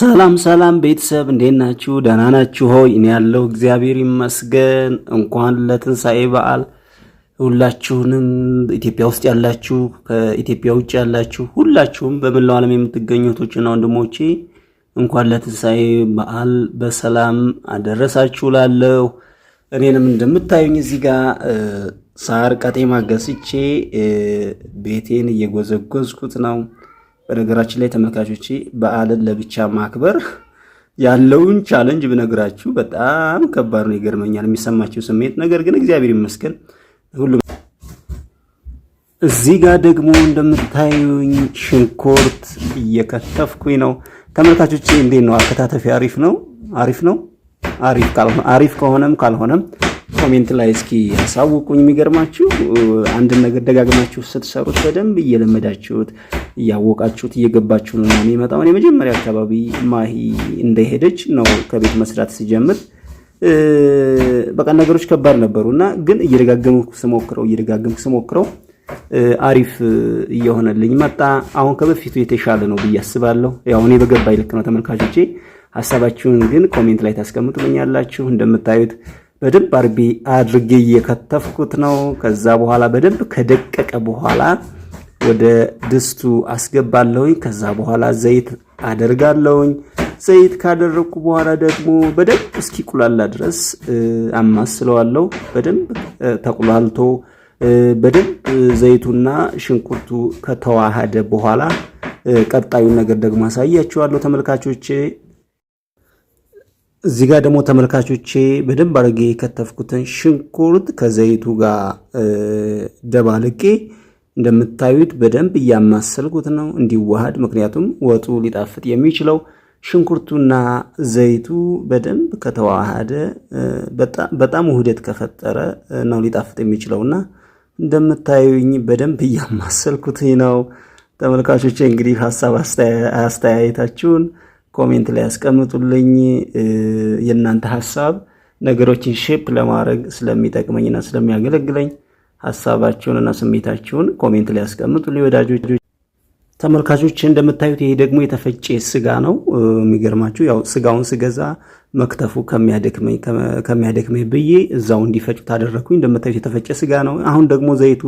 ሰላም ሰላም ቤተሰብ እንዴት ናችሁ? ደህና ናችሁ ሆይ? እኔ ያለው እግዚአብሔር ይመስገን። እንኳን ለትንሣኤ በዓል ሁላችሁንም ኢትዮጵያ ውስጥ ያላችሁ፣ ከኢትዮጵያ ውጭ ያላችሁ ሁላችሁም በመላው ዓለም የምትገኙ እህቶችና ወንድሞቼ እንኳን ለትንሣኤ በዓል በሰላም አደረሳችሁ ላለሁ እኔንም እንደምታዩኝ እዚህ ጋር ሳር ቀጤማ ገስቼ ቤቴን እየጎዘጎዝኩት ነው። በነገራችን ላይ ተመልካቾች በዓልን ለብቻ ማክበር ያለውን ቻለንጅ ብነግራችሁ በጣም ከባድ ነው፣ ይገርመኛል የሚሰማቸው ስሜት። ነገር ግን እግዚአብሔር ይመስገን ሁሉም። እዚህ ጋር ደግሞ እንደምታዩኝ ሽንኩርት እየከተፍኩኝ ነው። ተመልካቾች እንዴት ነው አከታተፊ? አሪፍ ነው፣ አሪፍ ነው፣ አሪፍ ከሆነም ካልሆነም ኮሜንት ላይ እስኪ ያሳውቁኝ። የሚገርማችሁ አንድን ነገር ደጋግማችሁ ስትሰሩት በደንብ እየለመዳችሁት እያወቃችሁት እየገባችሁ ነው የሚመጣው። እኔ መጀመሪያ አካባቢ ማሂ እንደሄደች ነው ከቤት መስራት ስጀምር በቃ ነገሮች ከባድ ነበሩ እና ግን እየደጋገምኩ ስሞክረው እየደጋገምኩ ስሞክረው አሪፍ እየሆነልኝ መጣ። አሁን ከበፊቱ የተሻለ ነው ብዬ አስባለሁ። ያው እኔ በገባኝ ነው ተመልካቾቼ። ሀሳባችሁን ግን ኮሜንት ላይ ታስቀምጡልኛላችሁ እንደምታዩት በደንብ አርቢ አድርጌ እየከተፍኩት ነው። ከዛ በኋላ በደንብ ከደቀቀ በኋላ ወደ ድስቱ አስገባለሁኝ። ከዛ በኋላ ዘይት አደርጋለሁኝ። ዘይት ካደረግኩ በኋላ ደግሞ በደንብ እስኪቁላላ ድረስ አማስለዋለሁ። በደንብ ተቁላልቶ በደንብ ዘይቱና ሽንኩርቱ ከተዋሃደ በኋላ ቀጣዩን ነገር ደግሞ አሳያችኋለሁ ተመልካቾቼ። እዚህ ጋር ደግሞ ተመልካቾቼ በደንብ አድርጌ የከተፍኩትን ሽንኩርት ከዘይቱ ጋር ደባልቄ እንደምታዩት በደንብ እያማሰልኩት ነው እንዲዋሃድ። ምክንያቱም ወጡ ሊጣፍጥ የሚችለው ሽንኩርቱና ዘይቱ በደንብ ከተዋሃደ በጣም ውህደት ከፈጠረ ነው ሊጣፍጥ እና እንደምታዩኝ በደንብ እያማሰልኩት ነው። ተመልካቾቼ እንግዲህ ሀሳብ አስተያየታችሁን ኮሜንት ላይ ያስቀምጡልኝ። የእናንተ ሀሳብ ነገሮችን ሼፕ ለማድረግ ስለሚጠቅመኝና ስለሚያገለግለኝ ሀሳባችሁንና ስሜታችሁን ኮሜንት ላይ ያስቀምጡልኝ ወዳጆች። ተመልካቾች እንደምታዩት ይሄ ደግሞ የተፈጨ ስጋ ነው። የሚገርማችሁ ያው ስጋውን ስገዛ መክተፉ ከሚያደክመኝ ብዬ እዛው እንዲፈጩ ታደረግኩኝ። እንደምታዩት የተፈጨ ስጋ ነው። አሁን ደግሞ ዘይቱ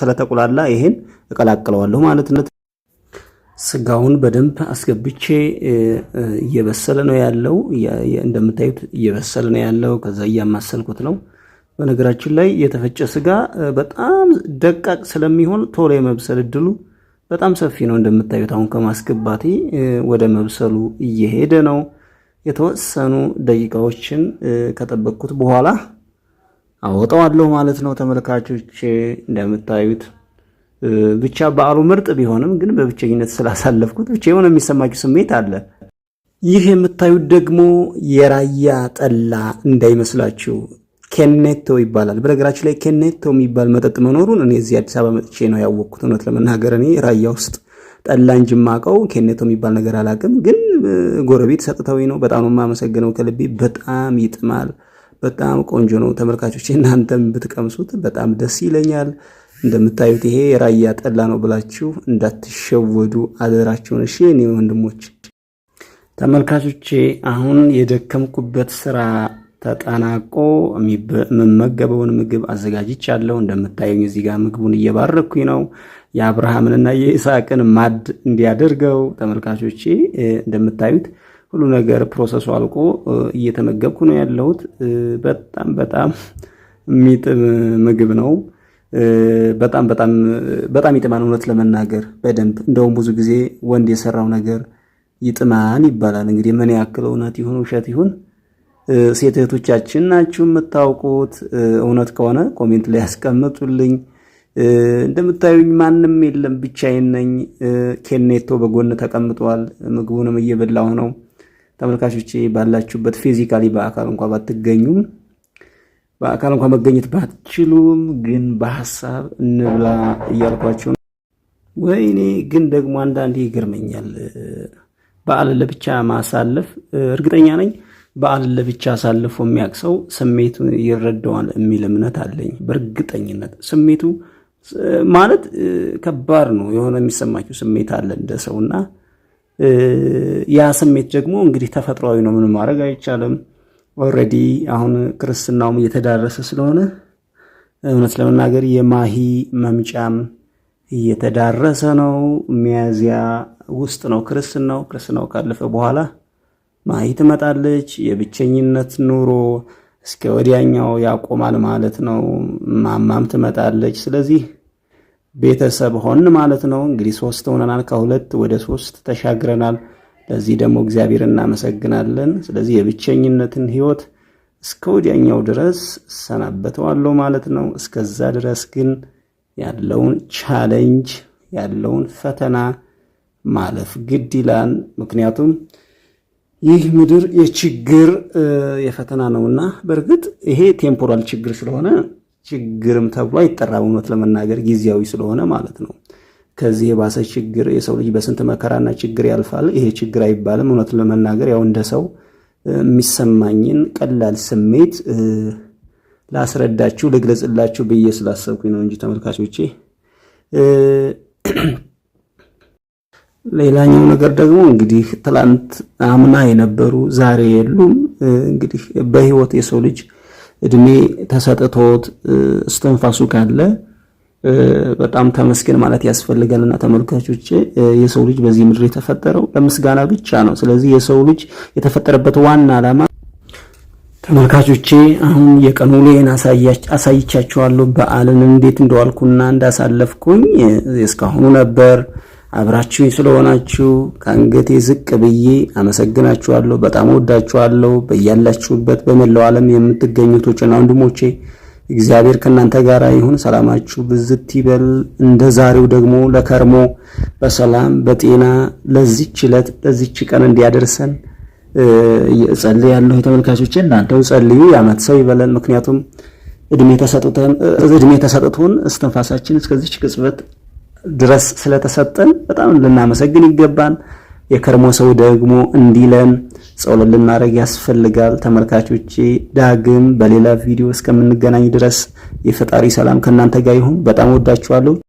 ስለተቁላላ ይሄን እቀላቅለዋለሁ ማለት ነው። ስጋውን በደንብ አስገብቼ እየበሰለ ነው ያለው። እንደምታዩት እየበሰለ ነው ያለው። ከዛ እያማሰልኩት ነው። በነገራችን ላይ የተፈጨ ስጋ በጣም ደቃቅ ስለሚሆን ቶሎ የመብሰል እድሉ በጣም ሰፊ ነው። እንደምታዩት አሁን ከማስገባቴ ወደ መብሰሉ እየሄደ ነው። የተወሰኑ ደቂቃዎችን ከጠበቅኩት በኋላ አወጣዋለሁ ማለት ነው። ተመልካቾች እንደምታዩት ብቻ በዓሉ ምርጥ ቢሆንም ግን በብቸኝነት ስላሳለፍኩት ብቻ የሆነ የሚሰማችሁ ስሜት አለ። ይህ የምታዩት ደግሞ የራያ ጠላ እንዳይመስላችሁ ኬኔቶ ይባላል። በነገራችን ላይ ኬኔቶ የሚባል መጠጥ መኖሩን እኔ እዚህ አዲስ አበባ መጥቼ ነው ያወቅኩት። እውነት ለመናገር እኔ ራያ ውስጥ ጠላ እንጂ የማውቀው ኬኔቶ የሚባል ነገር አላውቅም። ግን ጎረቤት ሰጥተው ነው። በጣም የማመሰግነው ከልቤ። በጣም ይጥማል። በጣም ቆንጆ ነው። ተመልካቾች እናንተም ብትቀምሱት በጣም ደስ ይለኛል። እንደምታዩት ይሄ የራያ ጠላ ነው ብላችሁ እንዳትሸወዱ አደራችሁን። እሺ እኔ ወንድሞች ተመልካቾቼ፣ አሁን የደከምኩበት ስራ ተጠናቆ የምመገበውን ምግብ አዘጋጅቻለሁ። እንደምታዩኝ እዚህ ጋር ምግቡን እየባረኩኝ ነው። የአብርሃምንና የኢስሐቅን ማድ እንዲያደርገው ተመልካቾቼ፣ እንደምታዩት ሁሉ ነገር ፕሮሰሱ አልቆ እየተመገብኩ ነው ያለሁት። በጣም በጣም የሚጥም ምግብ ነው። በጣም በጣም በጣም ይጥማን። እውነት ለመናገር በደንብ እንደውም ብዙ ጊዜ ወንድ የሰራው ነገር ይጥማን ይባላል። እንግዲህ ምን ያክል እውነት ይሁን ውሸት ይሁን ሴት እህቶቻችን ናችሁ የምታውቁት። እውነት ከሆነ ኮሜንት ላይ ያስቀምጡልኝ። እንደምታዩኝ ማንም የለም ብቻዬን ነኝ። ኬኔቶ በጎን ተቀምጧል፣ ምግቡንም እየበላሁ ነው። ተመልካቾቼ ባላችሁበት ፊዚካሊ በአካል እንኳ ባትገኙም በአካል እንኳን መገኘት ባትችሉም ግን በሀሳብ እንብላ እያልኳቸው ወይኔ ግን ደግሞ አንዳንዴ ይገርመኛል። በዓልን ለብቻ ማሳለፍ እርግጠኛ ነኝ በዓልን ለብቻ አሳልፎ የሚያውቅ ሰው ስሜቱን ይረዳዋል የሚል እምነት አለኝ። በእርግጠኝነት ስሜቱ ማለት ከባድ ነው። የሆነ የሚሰማቸው ስሜት አለ እንደ ሰው እና ያ ስሜት ደግሞ እንግዲህ ተፈጥሯዊ ነው። ምንም ማድረግ አይቻልም። ኦልሬዲ አሁን ክርስትናውም እየተዳረሰ ስለሆነ እውነት ለመናገር የማሂ መምጫም እየተዳረሰ ነው። ሚያዚያ ውስጥ ነው ክርስትናው። ክርስትናው ካለፈ በኋላ ማሂ ትመጣለች። የብቸኝነት ኑሮ እስከ ወዲያኛው ያቆማል ማለት ነው። ማማም ትመጣለች። ስለዚህ ቤተሰብ ሆን ማለት ነው። እንግዲህ ሶስት ሆነናል። ከሁለት ወደ ሶስት ተሻግረናል። ለዚህ ደግሞ እግዚአብሔር እናመሰግናለን። ስለዚህ የብቸኝነትን ህይወት እስከ ወዲያኛው ድረስ እሰናበተዋለሁ ማለት ነው። እስከዛ ድረስ ግን ያለውን ቻሌንጅ ያለውን ፈተና ማለፍ ግድ ይላል። ምክንያቱም ይህ ምድር የችግር የፈተና ነውና፣ በእርግጥ ይሄ ቴምፖራል ችግር ስለሆነ ችግርም ተብሎ አይጠራ፣ በእውነት ለመናገር ጊዜያዊ ስለሆነ ማለት ነው። ከዚህ የባሰ ችግር የሰው ልጅ በስንት መከራና ችግር ያልፋል። ይሄ ችግር አይባልም። እውነቱን ለመናገር ያው እንደ ሰው የሚሰማኝን ቀላል ስሜት ላስረዳችሁ፣ ልግለጽላችሁ ብዬ ስላሰብኩኝ ነው እንጂ ተመልካቾቼ። ሌላኛው ነገር ደግሞ እንግዲህ ትላንት አምና የነበሩ ዛሬ የሉም። እንግዲህ በህይወት የሰው ልጅ እድሜ ተሰጥቶት እስትንፋሱ ካለ በጣም ተመስገን ማለት ያስፈልጋልና ተመልካቾች፣ የሰው ልጅ በዚህ ምድር የተፈጠረው ለምስጋና ብቻ ነው። ስለዚህ የሰው ልጅ የተፈጠረበት ዋና ዓላማ ተመልካቾቼ አሁን የቀኑ ውሎዬን አሳይቻችኋለሁ። በዓልን እንዴት እንደዋልኩና እንዳሳለፍኩኝ እስካሁኑ ነበር። አብራችሁ ስለሆናችሁ ከአንገቴ ዝቅ ብዬ አመሰግናችኋለሁ። በጣም ወዳችኋለሁ። በያላችሁበት በመላው ዓለም የምትገኙቶችና ወንድሞቼ እግዚአብሔር ከእናንተ ጋር ይሁን። ሰላማችሁ ብዝት ይበል። እንደ ዛሬው ደግሞ ለከርሞ በሰላም በጤና ለዚች ዕለት ለዚች ቀን እንዲያደርሰን እጸልይ ያለሁ ተመልካቾች፣ እናንተው ጸልዩ። የዓመት ሰው ይበለን። ምክንያቱም እድሜ ተሰጥቶን እስትንፋሳችን እስከዚች ቅጽበት ድረስ ስለተሰጠን በጣም ልናመሰግን ይገባል። የከርሞ ሰው ደግሞ እንዲለን ጸሎት ልናደርግ ያስፈልጋል። ተመልካቾቼ ዳግም በሌላ ቪዲዮ እስከምንገናኝ ድረስ የፈጣሪ ሰላም ከእናንተ ጋር ይሁን። በጣም ወዳችኋለሁ።